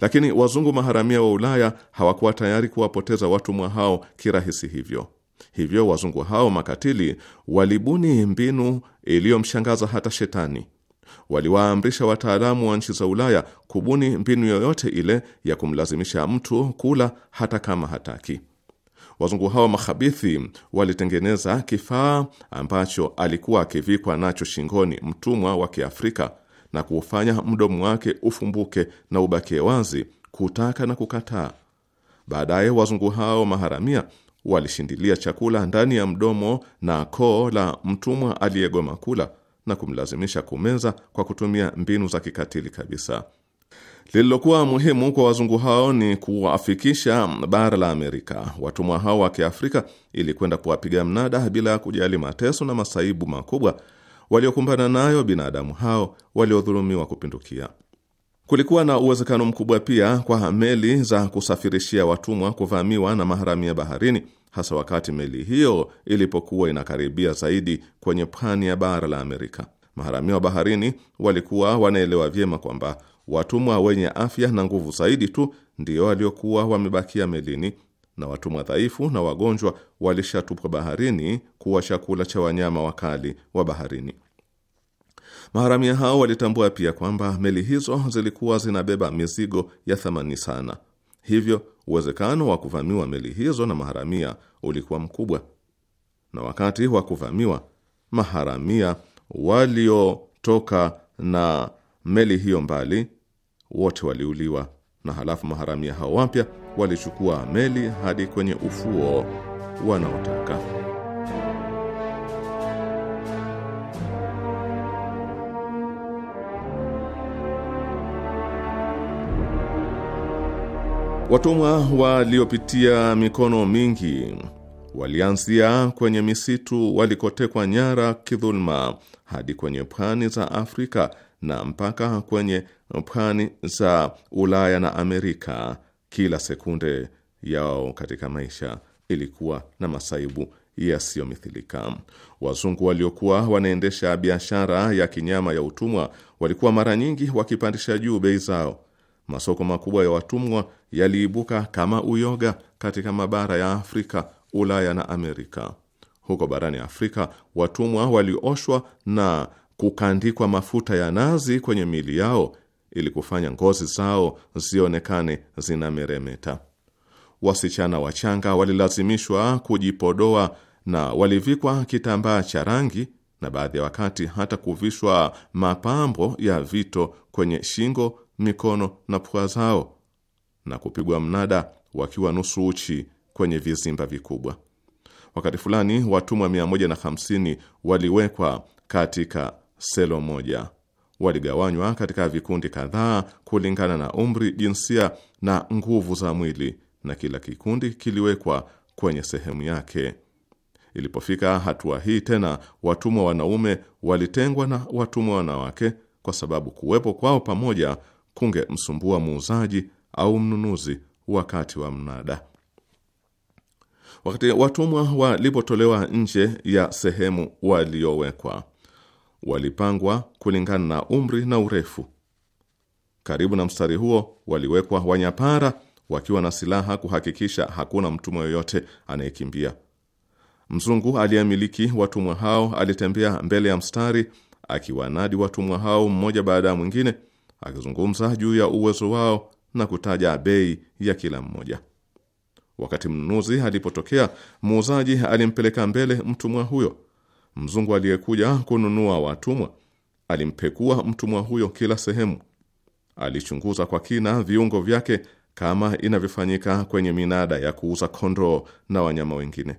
lakini wazungu maharamia wa Ulaya hawakuwa tayari kuwapoteza watumwa hao kirahisi hivyo. Hivyo wazungu hao makatili walibuni mbinu iliyomshangaza hata Shetani. Waliwaamrisha wataalamu wa nchi za Ulaya kubuni mbinu yoyote ile ya kumlazimisha mtu kula hata kama hataki. Wazungu hao makhabithi walitengeneza kifaa ambacho alikuwa akivikwa nacho shingoni mtumwa wa Kiafrika na kuufanya mdomo wake ufumbuke na ubakie wazi kutaka na kukataa. Baadaye wazungu hao maharamia walishindilia chakula ndani ya mdomo na koo la mtumwa aliyegoma kula na kumlazimisha kumeza kwa kutumia mbinu za kikatili kabisa. Lililokuwa muhimu kwa wazungu hao ni kuwafikisha bara la Amerika watumwa hao wa Kiafrika ili kwenda kuwapiga mnada bila ya kujali mateso na masaibu makubwa waliokumbana nayo binadamu hao waliodhulumiwa kupindukia. Kulikuwa na uwezekano mkubwa pia kwa meli za kusafirishia watumwa kuvamiwa na maharamia baharini, hasa wakati meli hiyo ilipokuwa inakaribia zaidi kwenye pwani ya bara la Amerika. Maharamia wa baharini walikuwa wanaelewa vyema kwamba watumwa wenye afya na nguvu zaidi tu ndio waliokuwa wamebakia melini na watumwa dhaifu na wagonjwa walishatupwa baharini kuwa chakula cha wanyama wakali wa baharini. Maharamia hao walitambua pia kwamba meli hizo zilikuwa zinabeba mizigo ya thamani sana, hivyo uwezekano wa kuvamiwa meli hizo na maharamia ulikuwa mkubwa. Na wakati wa kuvamiwa, maharamia waliotoka na meli hiyo mbali wote waliuliwa na halafu maharamia hao wapya walichukua meli hadi kwenye ufuo wanaotaka. Watumwa waliopitia mikono mingi walianzia kwenye misitu walikotekwa nyara kidhuluma hadi kwenye pwani za Afrika na mpaka kwenye pwani za Ulaya na Amerika. Kila sekunde yao katika maisha ilikuwa na masaibu yasiyomithilika. Wazungu waliokuwa wanaendesha biashara ya kinyama ya utumwa walikuwa mara nyingi wakipandisha juu bei zao. Masoko makubwa ya watumwa yaliibuka kama uyoga katika mabara ya Afrika, Ulaya na Amerika. Huko barani Afrika, watumwa walioshwa na kukandikwa mafuta ya nazi kwenye miili yao ili kufanya ngozi zao zionekane zinameremeta. Wasichana wachanga walilazimishwa kujipodoa na walivikwa kitambaa cha rangi na baadhi ya wakati hata kuvishwa mapambo ya vito kwenye shingo, mikono na pua zao na kupigwa mnada wakiwa nusu uchi kwenye vizimba vikubwa. Wakati fulani watumwa 150 waliwekwa katika selo moja. Waligawanywa katika vikundi kadhaa kulingana na umri, jinsia na nguvu za mwili, na kila kikundi kiliwekwa kwenye sehemu yake. Ilipofika hatua hii tena, watumwa wanaume walitengwa na watumwa wanawake, kwa sababu kuwepo kwao pamoja kungemsumbua muuzaji au mnunuzi wakati wa mnada. Wakati watumwa walipotolewa nje ya sehemu waliowekwa, walipangwa kulingana na umri na urefu. Karibu na mstari huo waliwekwa wanyapara wakiwa na silaha kuhakikisha hakuna mtumwa yoyote anayekimbia. Mzungu aliyemiliki watumwa hao alitembea mbele ya mstari akiwanadi watumwa hao mmoja baada ya mwingine, akizungumza juu ya uwezo wao na kutaja bei ya kila mmoja. Wakati mnunuzi alipotokea, muuzaji alimpeleka mbele mtumwa huyo Mzungu aliyekuja kununua watumwa alimpekua mtumwa huyo kila sehemu. Alichunguza kwa kina viungo vyake kama inavyofanyika kwenye minada ya kuuza kondoo na wanyama wengine.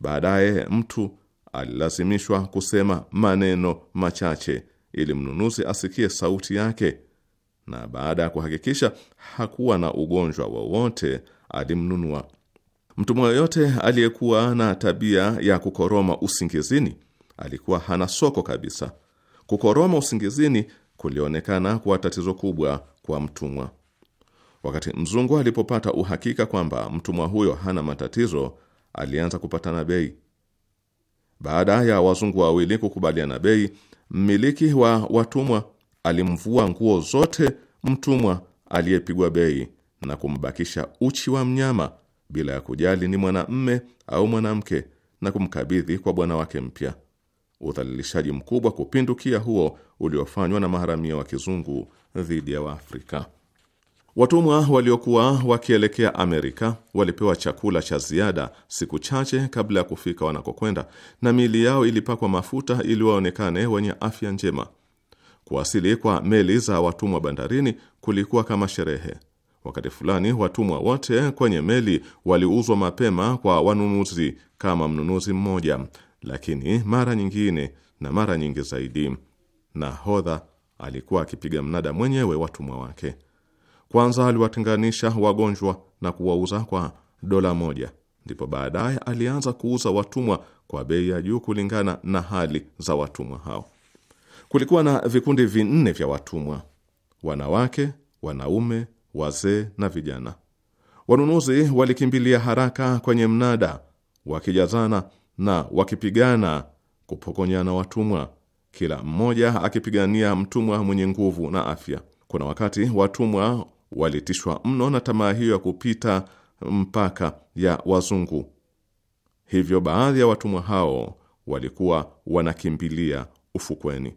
Baadaye mtu alilazimishwa kusema maneno machache ili mnunuzi asikie sauti yake, na baada ya kuhakikisha hakuwa na ugonjwa wowote alimnunua. Mtumwa yoyote aliyekuwa na tabia ya kukoroma usingizini alikuwa hana soko kabisa. Kukoroma usingizini kulionekana kuwa tatizo kubwa kwa mtumwa. Wakati mzungu alipopata uhakika kwamba mtumwa huyo hana matatizo, alianza kupatana bei. Baada ya wazungu wawili kukubaliana bei, mmiliki wa watumwa alimvua nguo zote mtumwa aliyepigwa bei na kumbakisha uchi wa mnyama bila ya kujali ni mwanamme au mwanamke na kumkabidhi kwa bwana wake mpya. Udhalilishaji mkubwa kupindukia huo uliofanywa na maharamia wa kizungu dhidi ya Waafrika. Watumwa waliokuwa wakielekea Amerika walipewa chakula cha ziada siku chache kabla ya kufika wanakokwenda, na miili yao ilipakwa mafuta ili waonekane wenye afya njema. Kuwasili kwa meli za watumwa bandarini kulikuwa kama sherehe. Wakati fulani watumwa wote kwenye meli waliuzwa mapema kwa wanunuzi kama mnunuzi mmoja, lakini mara nyingine na mara nyingi zaidi nahodha alikuwa akipiga mnada mwenyewe watumwa wake. Kwanza aliwatenganisha wagonjwa na kuwauza kwa dola moja, ndipo baadaye alianza kuuza watumwa kwa bei ya juu kulingana na hali za watumwa hao. Kulikuwa na vikundi vinne vya watumwa: wanawake, wanaume wazee na vijana. Wanunuzi walikimbilia haraka kwenye mnada, wakijazana na wakipigana kupokonyana watumwa, kila mmoja akipigania mtumwa mwenye nguvu na afya. Kuna wakati watumwa walitishwa mno na tamaa hiyo ya kupita mpaka ya wazungu, hivyo baadhi ya watumwa hao walikuwa wanakimbilia ufukweni.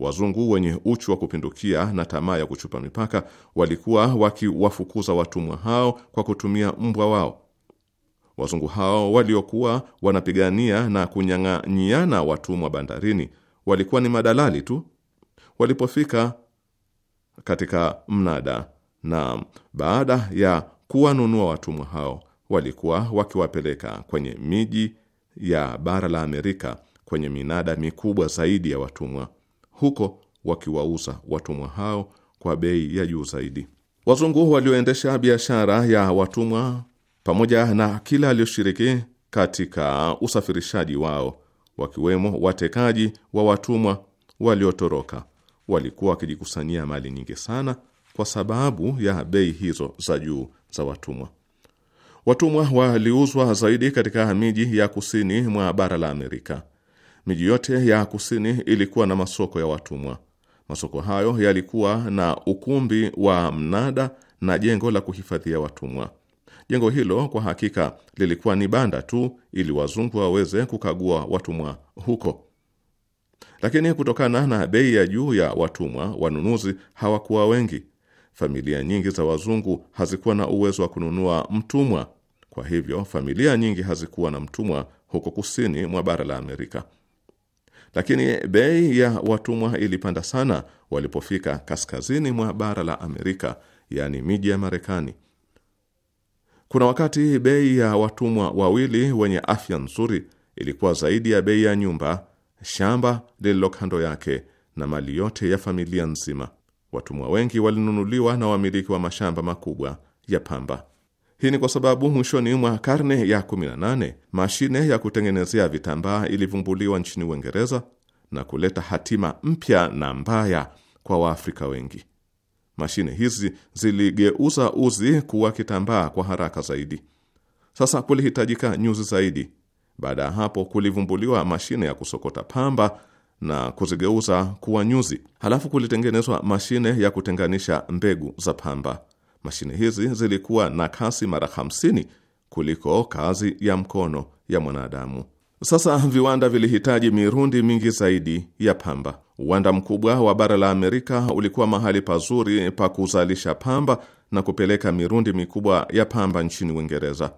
Wazungu wenye uchu wa kupindukia na tamaa ya kuchupa mipaka walikuwa wakiwafukuza watumwa hao kwa kutumia mbwa wao. Wazungu hao waliokuwa wanapigania na kunyang'anyiana watumwa bandarini walikuwa ni madalali tu. Walipofika katika mnada na baada ya kuwanunua watumwa hao, walikuwa wakiwapeleka kwenye miji ya bara la Amerika kwenye minada mikubwa zaidi ya watumwa huko wakiwauza watumwa hao kwa bei ya juu zaidi. Wazungu walioendesha biashara ya watumwa pamoja na kila aliyoshiriki katika usafirishaji wao, wakiwemo watekaji wa watumwa waliotoroka, walikuwa wakijikusanyia mali nyingi sana kwa sababu ya bei hizo za juu za watumwa. Watumwa waliuzwa zaidi katika miji ya kusini mwa bara la Amerika. Miji yote ya kusini ilikuwa na masoko ya watumwa. Masoko hayo yalikuwa na ukumbi wa mnada na jengo la kuhifadhia watumwa. Jengo hilo kwa hakika lilikuwa ni banda tu, ili wazungu waweze kukagua watumwa huko. Lakini kutokana na bei ya juu ya watumwa, wanunuzi hawakuwa wengi. Familia nyingi za wazungu hazikuwa na uwezo wa kununua mtumwa. Kwa hivyo familia nyingi hazikuwa na mtumwa huko kusini mwa bara la Amerika lakini bei ya watumwa ilipanda sana walipofika kaskazini mwa bara la Amerika, yaani miji ya Marekani. Kuna wakati bei ya watumwa wawili wenye afya nzuri ilikuwa zaidi ya bei ya nyumba, shamba lililo kando yake na mali yote ya familia nzima. Watumwa wengi walinunuliwa na wamiliki wa mashamba makubwa ya pamba. Hii ni kwa sababu mwishoni mwa karne ya 18 mashine ya kutengenezea vitambaa ilivumbuliwa nchini Uingereza na kuleta hatima mpya na mbaya kwa Waafrika wengi. Mashine hizi ziligeuza uzi kuwa kitambaa kwa haraka zaidi. Sasa kulihitajika nyuzi zaidi. Baada ya hapo, kulivumbuliwa mashine ya kusokota pamba na kuzigeuza kuwa nyuzi. Halafu kulitengenezwa mashine ya kutenganisha mbegu za pamba. Mashine hizi zilikuwa na kasi mara 50 kuliko kazi ya mkono ya mwanadamu. Sasa viwanda vilihitaji mirundi mingi zaidi ya pamba. Uwanda mkubwa wa bara la Amerika ulikuwa mahali pazuri pa kuzalisha pamba na kupeleka mirundi mikubwa ya pamba nchini Uingereza,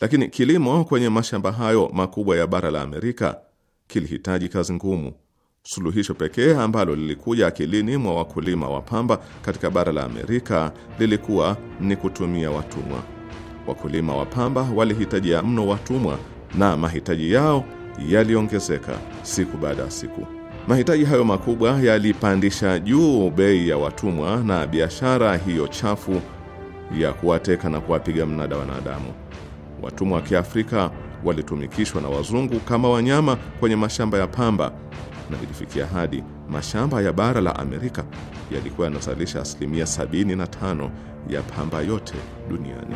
lakini kilimo kwenye mashamba hayo makubwa ya bara la Amerika kilihitaji kazi ngumu Suluhisho pekee ambalo lilikuja akilini mwa wakulima wa pamba katika bara la Amerika lilikuwa ni kutumia watumwa. Wakulima wa pamba walihitaji mno watumwa na mahitaji yao yaliongezeka siku baada ya siku. Mahitaji hayo makubwa yalipandisha juu bei ya watumwa na biashara hiyo chafu ya kuwateka na kuwapiga mnada wanadamu. Watumwa wa Kiafrika walitumikishwa na wazungu kama wanyama kwenye mashamba ya pamba na ilifikia hadi mashamba ya bara la Amerika yalikuwa yanazalisha asilimia 75 ya pamba yote duniani.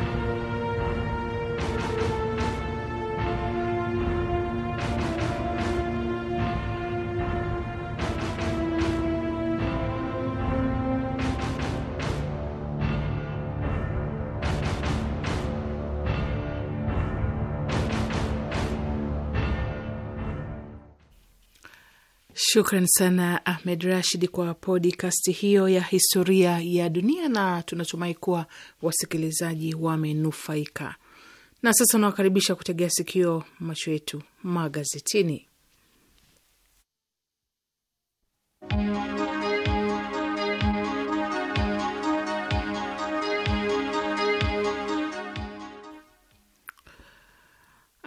Shukran sana Ahmed Rashid kwa podikasti hiyo ya historia ya dunia, na tunatumai kuwa wasikilizaji wamenufaika. Na sasa nawakaribisha kutegea sikio macho yetu magazetini.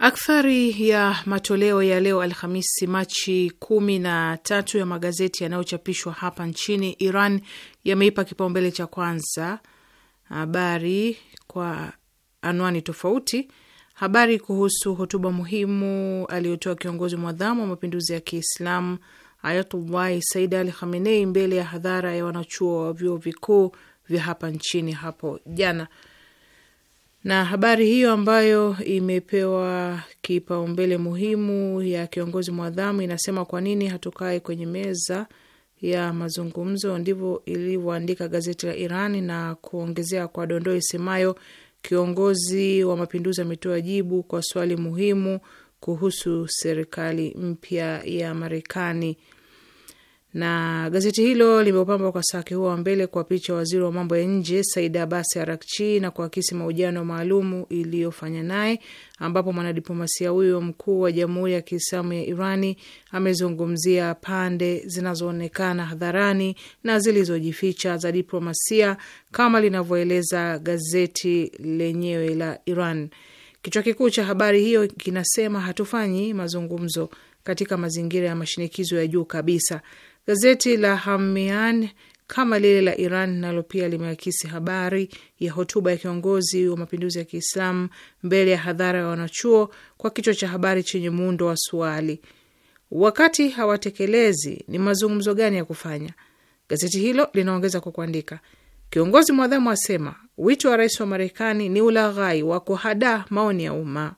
Akthari ya matoleo ya leo Alhamisi, Machi kumi na tatu ya magazeti yanayochapishwa hapa nchini Iran yameipa kipaumbele cha kwanza habari kwa anwani tofauti, habari kuhusu hotuba muhimu aliyotoa kiongozi mwadhamu wa mapinduzi ya Kiislamu Ayatullahi Said Ali Khamenei mbele ya hadhara ya wanachuo wa vyuo vikuu vya hapa nchini hapo jana na habari hiyo ambayo imepewa kipaumbele muhimu ya kiongozi mwadhamu inasema, kwa nini hatukae kwenye meza ya mazungumzo? Ndivyo ilivyoandika gazeti la Iran na kuongezea kwa dondoo isemayo, kiongozi wa mapinduzi ametoa jibu kwa swali muhimu kuhusu serikali mpya ya Marekani na gazeti hilo limeupamba kwa saki huo wa mbele kwa picha waziri wa mambo ya nje Said abasi Arakchi na kuakisi mahojiano maalumu iliyofanya naye, ambapo mwanadiplomasia huyo mkuu wa Jamhuri ya Kiislamu ya Irani amezungumzia pande zinazoonekana hadharani na zilizojificha za diplomasia kama linavyoeleza gazeti lenyewe la Iran. Kichwa kikuu cha habari hiyo kinasema hatufanyi mazungumzo katika mazingira ya mashinikizo ya juu kabisa Gazeti la Hamian kama lile la Iran nalo pia limeakisi habari ya hotuba ya kiongozi wa mapinduzi ya Kiislamu mbele ya hadhara ya wanachuo kwa kichwa cha habari chenye muundo wa swali, wakati hawatekelezi ni mazungumzo gani ya kufanya? Gazeti hilo linaongeza kwa kuandika, kiongozi mwadhamu asema wito wa rais wa Marekani ni ulaghai wa kuhada maoni ya umma.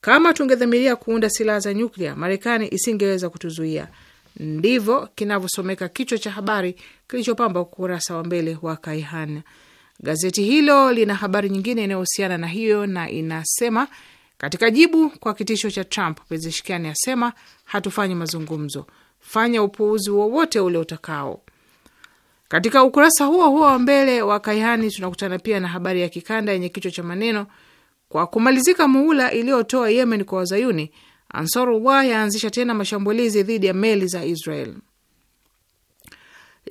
Kama tungedhamiria kuunda silaha za nyuklia, Marekani isingeweza kutuzuia Ndivyo kinavyosomeka kichwa cha habari kilichopamba ukurasa wa mbele wa Kaihan. Gazeti hilo lina habari nyingine inayohusiana na hiyo na inasema, katika jibu kwa kitisho cha Trump, Pezeshkian asema hatufanyi mazungumzo, fanya upuuzi wowote ule utakao. Katika ukurasa huo huo wa mbele wa Kaihani tunakutana pia na habari ya kikanda yenye kichwa cha maneno, kwa kumalizika muhula iliyotoa Yemen kwa Wazayuni, Ansarullah yaanzisha tena mashambulizi dhidi ya meli za Israel.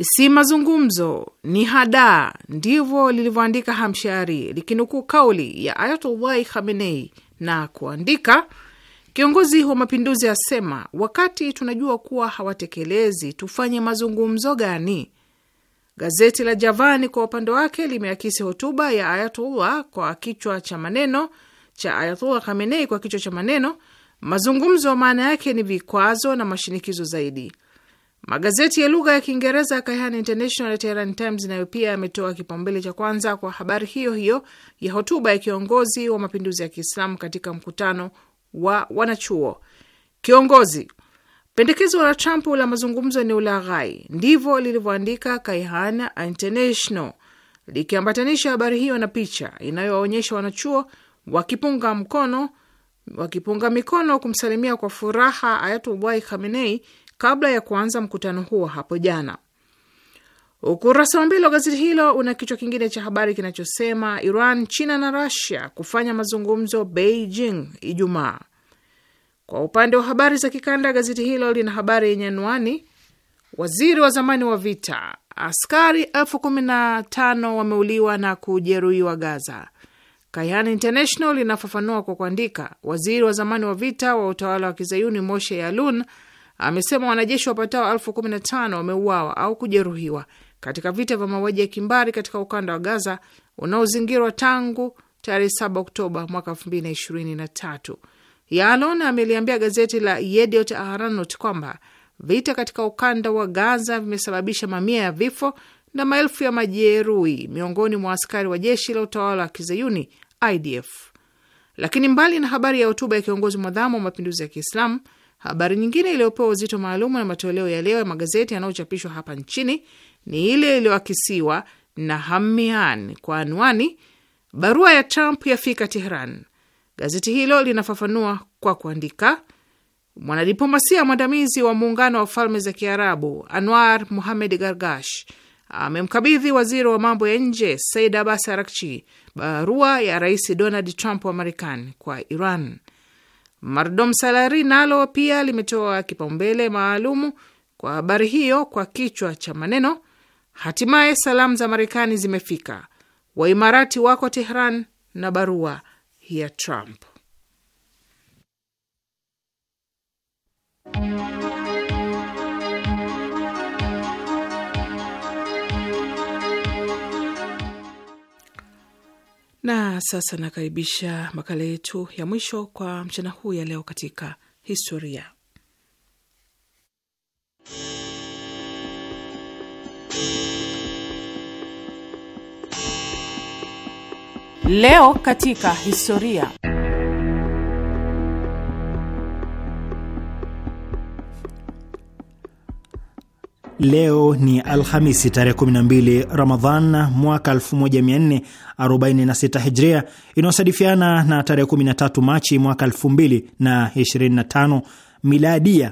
Si mazungumzo ni hada ndivyo lilivyoandika Hamshari likinukuu kauli ya Ayatullahi Khamenei na kuandika, kiongozi wa mapinduzi asema, wakati tunajua kuwa hawatekelezi, tufanye mazungumzo gani? Gazeti la Javani kwa upande wake limeakisi hotuba ya Ayatullah kwa kichwa cha maneno cha Ayatullah Khamenei kwa kichwa cha maneno Mazungumzo maana yake ni vikwazo na mashinikizo zaidi. Magazeti ya lugha ya Kiingereza ya Kayhan International na Tehran Times nayo pia yametoa kipaumbele cha kwanza kwa habari hiyo hiyo ya hotuba ya kiongozi wa mapinduzi ya Kiislamu katika mkutano wa wanachuo. Kiongozi, pendekezo la Trump la mazungumzo ni ulaghai, ndivyo lilivyoandika Kayhan International likiambatanisha habari hiyo na picha inayowaonyesha wanachuo wakipunga mkono wakipunga mikono kumsalimia kwa furaha Ayatullah Khamenei kabla ya kuanza mkutano huo hapo jana. Ukurasa wa mbele wa gazeti hilo una kichwa kingine cha habari kinachosema Iran, China na Rasia kufanya mazungumzo Beijing Ijumaa. Kwa upande wa habari za kikanda, gazeti hilo lina habari yenye anwani waziri wa zamani wa vita, askari elfu kumi na tano wameuliwa na kujeruhiwa Gaza, Kayan International inafafanua kwa kuandika, waziri wa zamani wa vita wa utawala wa kizayuni Moshe Yalun amesema wanajeshi wapatao elfu kumi na tano wameuawa au kujeruhiwa katika vita vya mauaji ya kimbari katika ukanda wa Gaza unaozingirwa tangu tarehe 7 Oktoba mwaka 2023. Yalon ameliambia gazeti la Yediot Aharonot kwamba vita katika ukanda wa Gaza vimesababisha mamia ya vifo na maelfu ya majeruhi miongoni mwa askari wa jeshi la utawala wa kizayuni IDF. Lakini mbali na habari ya hotuba ya kiongozi mwadhamu wa mapinduzi ya Kiislamu, habari nyingine iliyopewa uzito maalumu na matoleo ya leo ya magazeti yanayochapishwa hapa nchini ni ile iliyoakisiwa na Hamian kwa anwani barua ya Trump yafika Tehran. Gazeti hilo linafafanua kwa kuandika, mwanadiplomasia mwandamizi wa muungano wa falme za Kiarabu Anwar Muhamed Gargash amemkabidhi waziri wa mambo ya nje Said Abbas Arakchi barua uh, ya Rais Donald Trump wa Marekani kwa Iran. Mardom Salari nalo pia limetoa kipaumbele maalumu kwa habari hiyo kwa kichwa cha maneno, hatimaye salamu za Marekani zimefika, Waimarati wako Tehran na barua ya Trump. Na sasa nakaribisha makala yetu ya mwisho kwa mchana huu ya leo katika historia. Leo katika historia. Leo ni Alhamisi tarehe 12 Ramadhan mwaka 1446 Hijria, inayosadifiana na tarehe 13 Machi mwaka 2025 Miladia.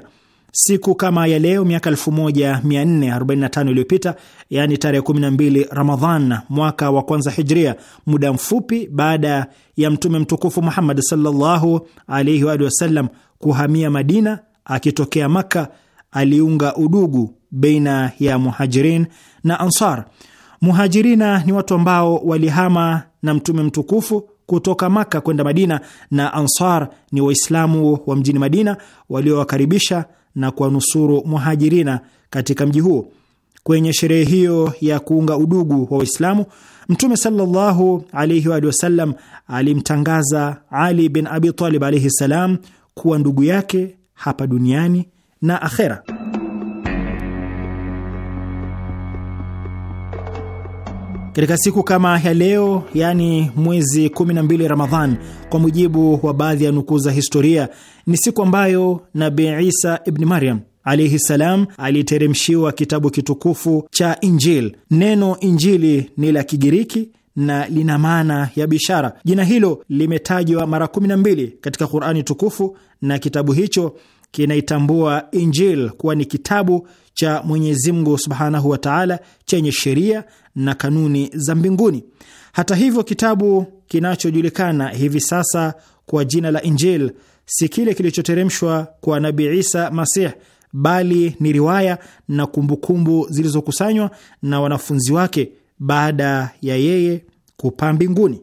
Siku kama ya leo miaka 1445 iliyopita, yaani tarehe 12 Ramadhan mwaka wa kwanza Hijria, muda mfupi baada ya Mtume mtukufu Muhammad sallallahu alaihi wa wasallam kuhamia Madina akitokea Makka aliunga udugu baina ya Muhajirin na Ansar. Muhajirina ni watu ambao walihama na Mtume mtukufu kutoka Maka kwenda Madina, na Ansar ni Waislamu wa mjini Madina waliowakaribisha na kuwanusuru Muhajirina katika mji huo. Kwenye sherehe hiyo ya kuunga udugu wa Waislamu, Mtume sallallahu alaihi wa alimtangaza Ali bin Abi Talib alaihi salam kuwa ndugu yake hapa duniani na akhera. Katika siku kama ya leo, yaani mwezi 12 Ramadhan, kwa mujibu wa baadhi ya nukuu za historia, ni siku ambayo nabi Isa ibni Maryam alaihi salam aliteremshiwa kitabu kitukufu cha injil Neno Injili ni la Kigiriki na lina maana ya bishara. Jina hilo limetajwa mara 12 katika Qurani tukufu na kitabu hicho kinaitambua Injil kuwa ni kitabu cha Mwenyezi Mungu subhanahu wa taala chenye sheria na kanuni za mbinguni. Hata hivyo, kitabu kinachojulikana hivi sasa kwa jina la Injil si kile kilichoteremshwa kwa nabi Isa Masih, bali ni riwaya na kumbukumbu zilizokusanywa na wanafunzi wake baada ya yeye kupaa mbinguni.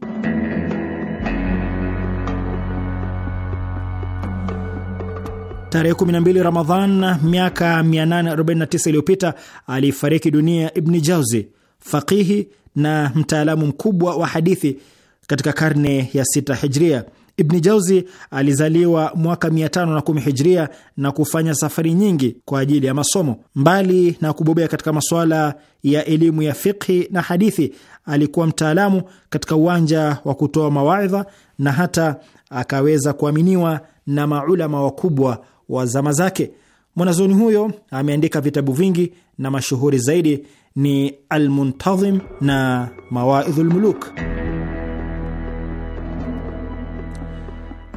Tarehe 12 Ramadhan miaka 849 iliyopita alifariki dunia Ibni Jauzi, faqihi na mtaalamu mkubwa wa hadithi katika karne ya sita hijria. Ibni Jauzi alizaliwa mwaka 510 hijria na kufanya safari nyingi kwa ajili ya masomo. Mbali na kubobea katika masuala ya elimu ya fiqhi na hadithi, alikuwa mtaalamu katika uwanja wa kutoa mawaidha na hata akaweza kuaminiwa na maulama wakubwa wa zama zake. mwanazoni huyo ameandika vitabu vingi na mashuhuri zaidi ni Almuntadhim na Mawaidhu Lmuluk.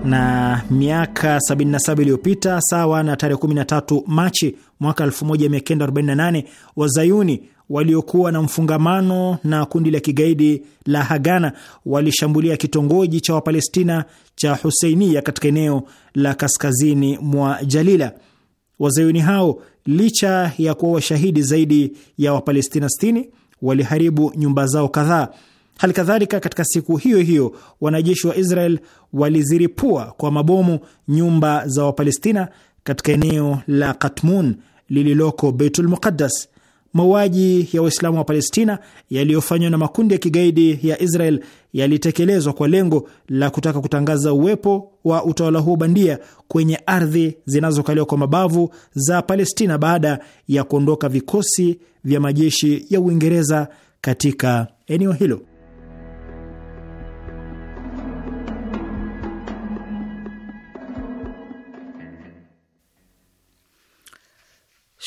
na miaka 77 iliyopita sawa na tarehe 13 Machi mwaka 1948 wazayuni waliokuwa na mfungamano na kundi la kigaidi la Hagana walishambulia kitongoji cha Wapalestina cha Huseinia katika eneo la kaskazini mwa Jalila. Wazayuni hao licha ya kuwa washahidi zaidi ya Wapalestina 60 waliharibu nyumba zao kadhaa. Hali kadhalika, katika siku hiyo hiyo wanajeshi wa Israel waliziripua kwa mabomu nyumba za Wapalestina katika eneo la Katmun lililoko Beitul Muqaddas. Mauaji ya Waislamu wa Palestina yaliyofanywa na makundi ya kigaidi ya Israel yalitekelezwa kwa lengo la kutaka kutangaza uwepo wa utawala huo bandia kwenye ardhi zinazokaliwa kwa mabavu za Palestina baada ya kuondoka vikosi vya majeshi ya Uingereza katika eneo hilo.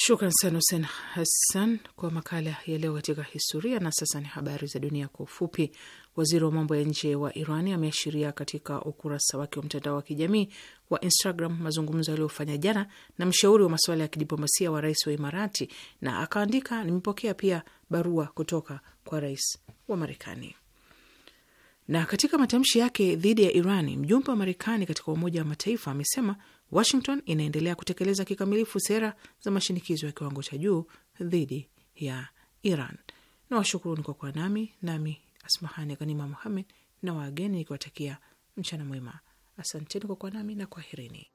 Shukran sana Husen Hassan kwa makala ya leo katika historia. Na sasa ni habari za dunia kwa ufupi. Waziri wa mambo ya nje wa Irani ameashiria katika ukurasa wake wa mtandao wa kijamii wa Instagram mazungumzo aliyofanya jana na mshauri wa masuala ya kidiplomasia wa rais wa Imarati, na akaandika, nimepokea pia barua kutoka kwa rais wa Marekani. Na katika matamshi yake dhidi ya irani mjumbe wa Marekani katika Umoja wa Mataifa amesema Washington inaendelea kutekeleza kikamilifu sera za mashinikizo ya kiwango cha juu dhidi ya Iran. Na washukuruni kwa kuwa nami nami Asmahani Ghanima Muhammed na wageni nikiwatakia mchana mwema. Asanteni kwa kuwa nami na kwaherini.